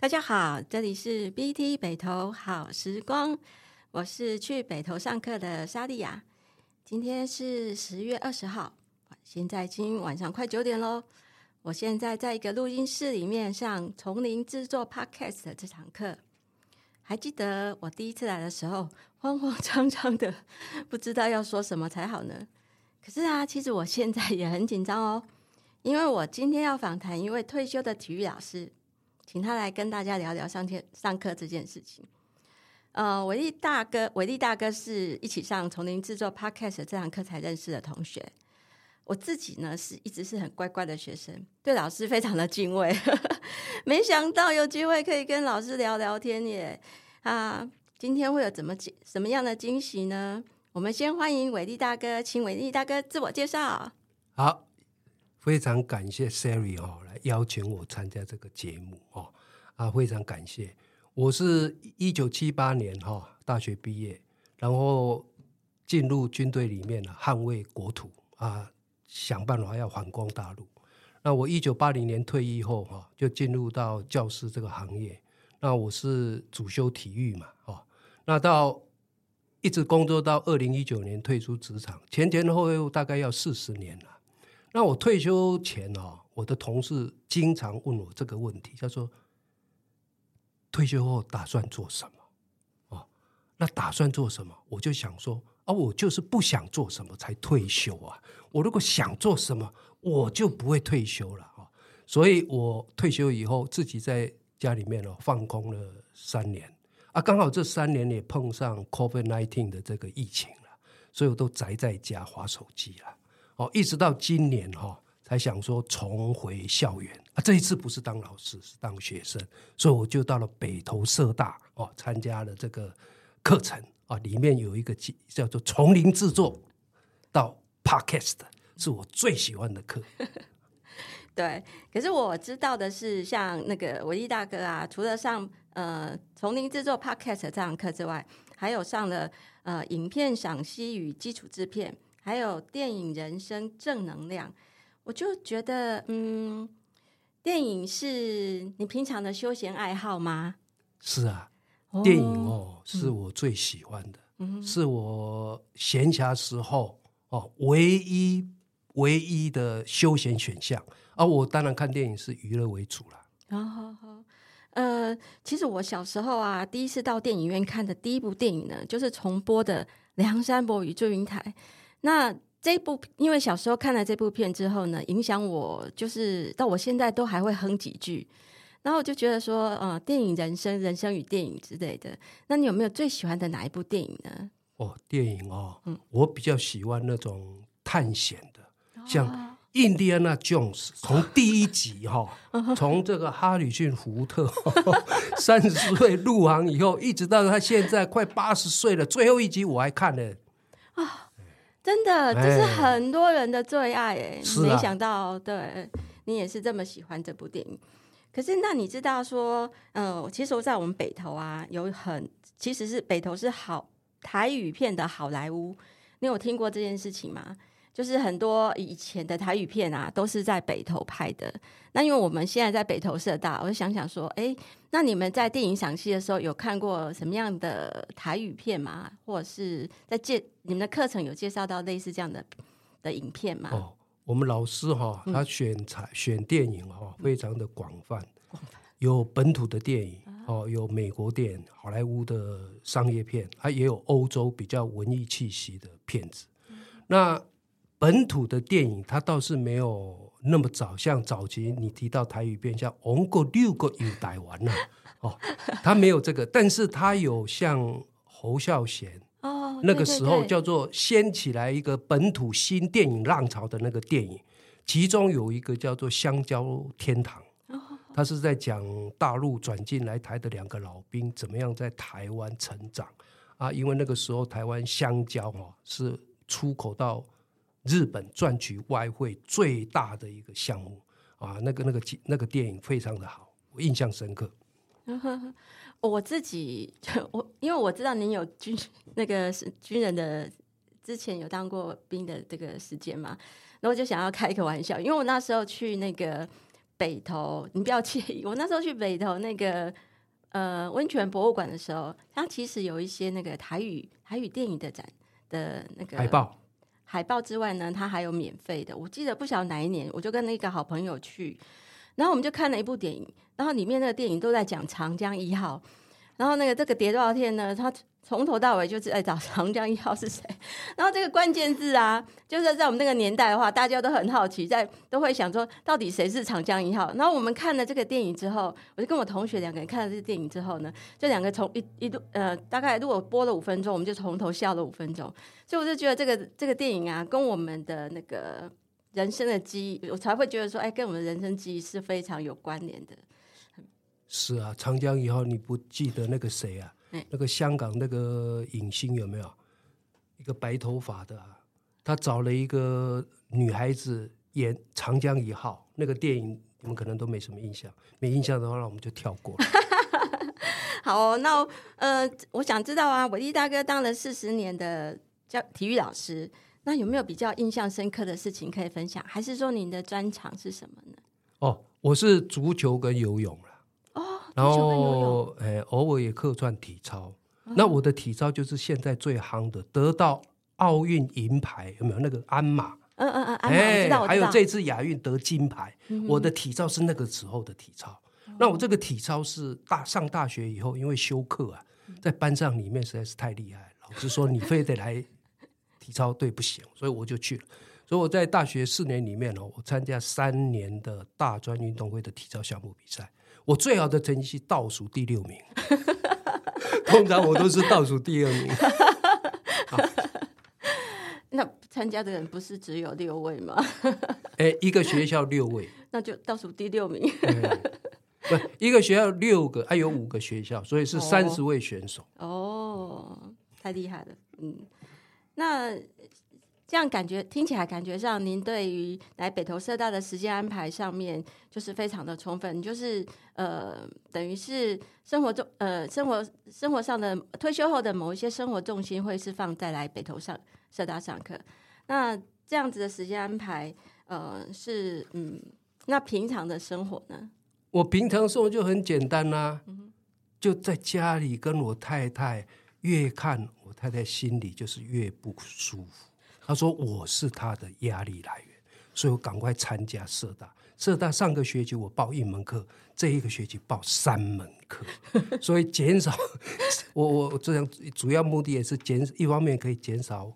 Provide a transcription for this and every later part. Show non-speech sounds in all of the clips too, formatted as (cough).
大家好，這裡是 BT 北投好時光，我是去北投上課的莎莉亞。今天是十月二十號，現在已經晚上快九點嘍。我現在在一個錄音室裡面上從零製作 Podcast 的這堂課。還記得我第一次來的時候，慌慌張張的，不知道要說什麼才好呢。可是啊，其實我現在也很緊張哦，因為我今天要訪談一位退休的體育老師。請他來跟大家聊聊上天，上課這件事情。呃，偉力大哥，偉力大哥是一起上《從零製作》Podcast 這堂課才認識的同學。我自己呢，是一直是很乖乖的學生，對老師非常的敬畏。呵呵，沒想到有機會可以跟老師聊聊天耶！啊，今天會有怎麼什麼樣的驚喜呢？我們先歡迎偉力大哥，請偉力大哥自我介紹。好。非常感謝莎莉亞哈、哦，來邀請我參加這個節目哈、哦、啊，非常感謝。我是一九七八年哈、哦、大學畢業，然後進入軍隊裡面呢，捍衛國土啊，想辦法要反攻大陸。那我一九八零年退役後哈、哦，就進入到教師這個行業。那我是主修體育嘛哈、哦，那到一直工作到二零一九年退出職場，前前後後大概要四十年了。那我退休前哦，我的同事經常問我這個問題，他說：“退休後打算做什麼？”哦，那打算做什麼？我就想說，啊，我就是不想做什麼才退休啊。我如果想做什麼，我就不會退休了啊。所以，我退休以後自己在家裡面哦放空了三年啊，剛好這三年也碰上 COVID-19 的這個疫情了，所以我都宅在家滑手機了。哦，一直到今年哈，才想說重回校園啊。這一次不是當老師，是當學生，所以我就到了北投社大哦，參加了這個課程啊。裡面有一個叫做“從零製作”到 Podcast，是我最喜歡的課。 (laughs) 對，可是我知道的是，像那個文一大哥啊，除了上呃“從零製作 Podcast” 這堂課之外，還有上了呃影片賞析與基礎製片。還有電影、人生、正能量，我就覺得，嗯，電影是你平常的休閒愛好嗎？是啊，電影哦，哦是我最喜歡的，嗯、是我閒暇時候哦唯一唯一的休閒選項。啊，我當然看電影是娛樂為主了。好、哦、好、哦哦，呃，其實我小時候啊，第一次到電影院看的第一部電影呢，就是重播的《梁山伯與祝英台》。那這部，因為小時候看了這部片之後呢，影響我就是到我現在都還會哼幾句。然後我就覺得說，呃、嗯，電影、人生、人生與電影之類的。那你有沒有最喜歡的哪一部電影呢？哦，電影哦，嗯，我比較喜歡那種探險的，像 Jones、哦啊《印第安納瓊斯》從第一集哈、哦，從這個哈里遜福特三十歲入行以後，一直到他現在快八十歲了，最後一集我還看了啊。哦真的，這是很多人的最愛誒、欸哎，沒想到、啊、對你也是這麼喜歡這部電影。可是，那你知道說，嗯、呃，其實我在我們北投啊，有很其實是北投是好台語片的好萊塢，你有聽過這件事情嗎？就是很多以前的台語片啊，都是在北投拍的。那因為我們現在在北投社大，我就想想說，哎、欸，那你們在電影賞析的時候有看過什麼樣的台語片嗎？或者是在介你們的課程有介紹到類似這樣的的影片嗎？哦，我們老師哈、哦，他選材、嗯、選電影哈、哦，非常的廣泛，有本土的電影哦、嗯啊，有美國電影好萊塢的商業片，還、啊、也有歐洲比較文藝氣息的片子。嗯、那本土的電影，它倒是沒有那麼早，像早期你提到台語片，像《王哥柳哥遊台灣了、啊、哦，它沒有這個，但是它有像侯孝賢、哦、對對對那個時候叫做掀起來一個本土新電影浪潮的那個電影，其中有一個叫做《香蕉天堂》，它是在講大陸轉進來台的兩個老兵怎麼樣在台灣成長啊，因為那個時候台灣香蕉哈、啊、是出口到。日本賺取外匯最大的一個項目啊，那個那個那個電影非常的好，我印象深刻。 (noise) 我自己就我因為我知道您有軍那個軍人的之前有當過兵的這個時間嘛，然後就想要開一個玩笑，因為我那時候去那個北投，你不要介意，我那時候去北投那個呃溫泉博物館的時候，它其實有一些那個台語台語電影的展的那個海報。海報之外呢，它還有免費的。我記得不曉得哪一年，我就跟那個好朋友去，然後我們就看了一部電影，然後裡面那個電影都在講長江一號。然後那個這個諜報片呢，他從頭到尾就是在、哎、找長江一號是誰。然後這個關鍵字啊，就是在我們那個年代的話，大家都很好奇在，在都會想說到底誰是長江一號。然後我們看了這個電影之後，我就跟我同學兩個人看了這個電影之後呢，這兩個從一一度呃，大概如果播了五分鐘，我們就從頭笑了五分鐘。所以我就覺得這個這個電影啊，跟我們的那個人生的記憶，我才會覺得說，哎，跟我們的人生記憶是非常有關聯的。是啊，長江一號，你不記得那個誰啊、哎？那個香港那個影星有沒有一個白頭髮的、啊？他找了一個女孩子演《長江一號》那個電影，你們可能都沒什麼印象。沒印象的話，那我們就跳過了。 (laughs) 好、哦，那呃，我想知道啊，偉立大哥當了四十年的教體育老師，那有沒有比較印象深刻的事情可以分享？還是說您的專長是什麼呢？哦，我是足球跟游泳。然後，哎、欸，偶爾也客串體操、哦。那我的體操就是現在最夯的，得到奧運銀牌有沒有？那個鞍馬，嗯嗯嗯，鞍、嗯、馬、我知道、欸、還有這次亞運得金牌、嗯，我的體操是那個時候的體操。嗯、那我這個體操是大上大學以後，因為休課啊，在班上裡面實在是太厲害，老師說你非得來體操隊不行， (laughs) 所以我就去了。所以我在大學四年裡面呢、哦，我參加三年的大專運動會的體操項目比賽。我最好的成績是倒數第六名，通常我都是倒數第二名。 (laughs) 那參加的人不是只有六位嗎？ (laughs) 欸、一個學校六位， (laughs) 那就倒數第六名 (laughs) 、嗯。不、一個學校六個，還、啊、有五個學校，所以是三十位選手。哦、oh. oh.，太厲害了。嗯，那。這樣感覺聽起來，感覺上，您對於來北投社大的時間安排上面，就是非常的充分。你就是呃，等於是生活中呃，生活生活上的退休後的某一些生活重心，會是放在來北投上社大上課。那這樣子的時間安排，呃，是嗯，那平常的生活呢？我平常生活就很簡單啦、啊，就在家裡跟我太太，越看我太太心裡就是越不舒服。他說：“我是他的壓力來源，所以我趕快參加社大。社大上個學期我報一門課，這一個學期報三門課，所以減少。 (laughs) 我我這樣主要目的也是減，一方面可以減少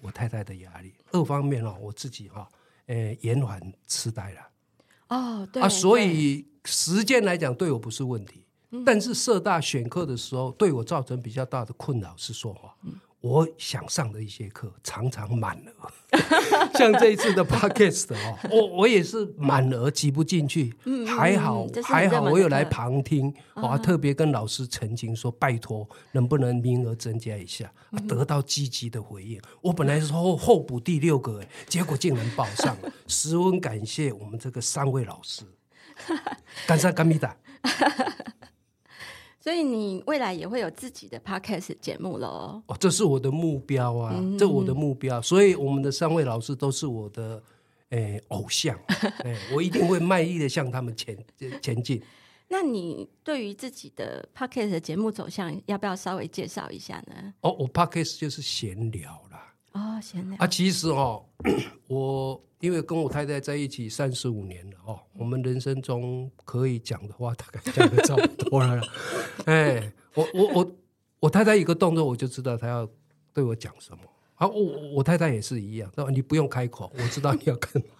我太太的壓力，二方面哦我自己哈、哦，呃延緩痴呆了。哦、oh, 啊，對啊，所以時間來講對我不是問題，嗯、但是社大選課的時候對我造成比較大的困擾是說話。嗯”我想上的一些課常常滿額， (laughs) 像這一次的 podcast 哦， (laughs) 我我也是滿額擠不進去、嗯，還好、嗯、還好我有來旁聽，嗯、啊，特別跟老師曾經說，拜托能不能名額增加一下，啊、得到積極的回應、嗯。我本來說候補第六個，結果竟然報上了，十 (laughs) 分感謝我們這個三位老師， (laughs) 感謝甘蜜達。 (laughs) 所以你未來也會有自己的 Podcast 的節目嘍？哦，這是我的目標啊、嗯，這我的目標。所以我們的三位老師都是我的、欸、偶像、 (laughs) 欸，我一定會賣力的向他們前 (laughs) 前進。那你對於自己的 Podcast 的節目走向，要不要稍微介紹一下呢？哦，我 Podcast 就是閒聊啦。啊、oh,，啊，其實哈、哦，我因為跟我太太在一起三十五年了、哦、我們人生中可以講的話，大概講的差不多了。 (laughs) 哎，我我我我太太一個動作，我就知道她要對我講什麼。啊，我我太太也是一樣，你不用開口，我知道你要幹嘛。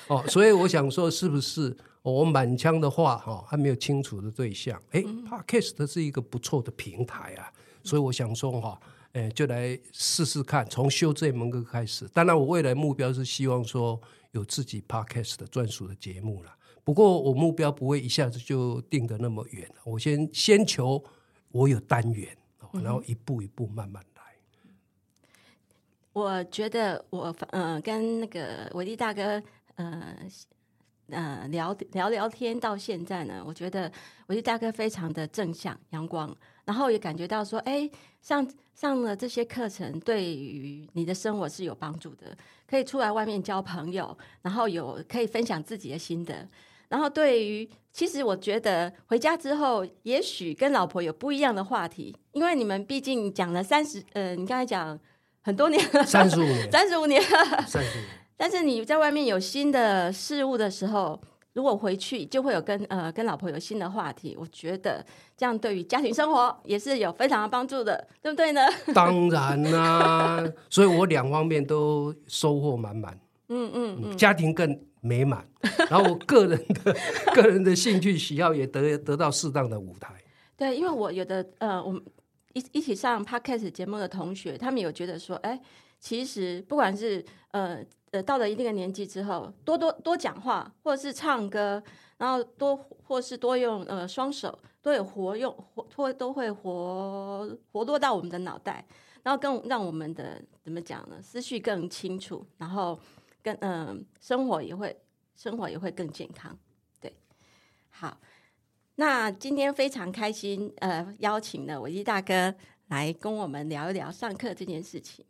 (laughs) 哦，所以我想說，是不是我滿腔的話哈、哦，還沒有清楚的對象？哎 Podcast 是一個不錯的平台啊，所以我想說哈、哦。哎，就來試試看，從修這門課開始。當然，我未來目標是希望說有自己 podcast 的專屬的節目啦。不過，我目標不會一下子就定得那麼遠，我先先求我有單元、哦，然後一步一步慢慢來。嗯、我覺得我、呃、跟那個偉立大哥，呃。呃，聊聊聊天到現在呢，我覺得，我覺得大哥非常的正向、陽光，然後也感覺到說，哎，上上了這些課程，對於你的生活是有幫助的，可以出來外面交朋友，然後有可以分享自己的心得，然後對於，其實我覺得回家之後，也許跟老婆有不一樣的話題，因為你們畢竟講了三十，呃，你剛才講很多年，三十五年，三十五年，三十五年。但是你在外面有新的事物的時候，如果回去就會有跟呃跟老婆有新的話題，我覺得這樣對於家庭生活也是有非常的幫助的，對不對呢？當然啦、啊， (laughs) 所以我兩方面都收穫滿滿。 (laughs) 嗯嗯，嗯，家庭更美滿，然後我個人的 (laughs) 個人的興趣喜好也得得到適當的舞台。對，因為我有的呃，我們一一起上 Podcast 節目的同學，他們有覺得說，哎。其實，不管是呃呃，到了一定的年紀之後，多多多講話，或者是唱歌，然後多或是多用呃雙手，都有活用活，都會活活絡到我們的腦袋，然後更讓我們的怎麼講呢？思緒更清楚，然後跟嗯、呃，生活也會生活也會更健康。對，好，那今天非常開心，呃，邀請了維基大哥來跟我們聊一聊上課這件事情。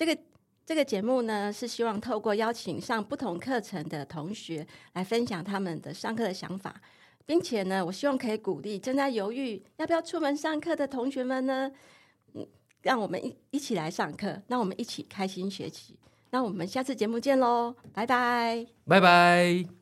這個這個節目呢，是希望透過邀請上不同課程的同學來分享他們的上課的想法，並且呢，我希望可以鼓勵正在猶豫要不要出門上課的同學們呢，嗯，讓我們一一起來上課，那我們一起開心學習。那我們下次節目見嘍，拜拜，拜拜。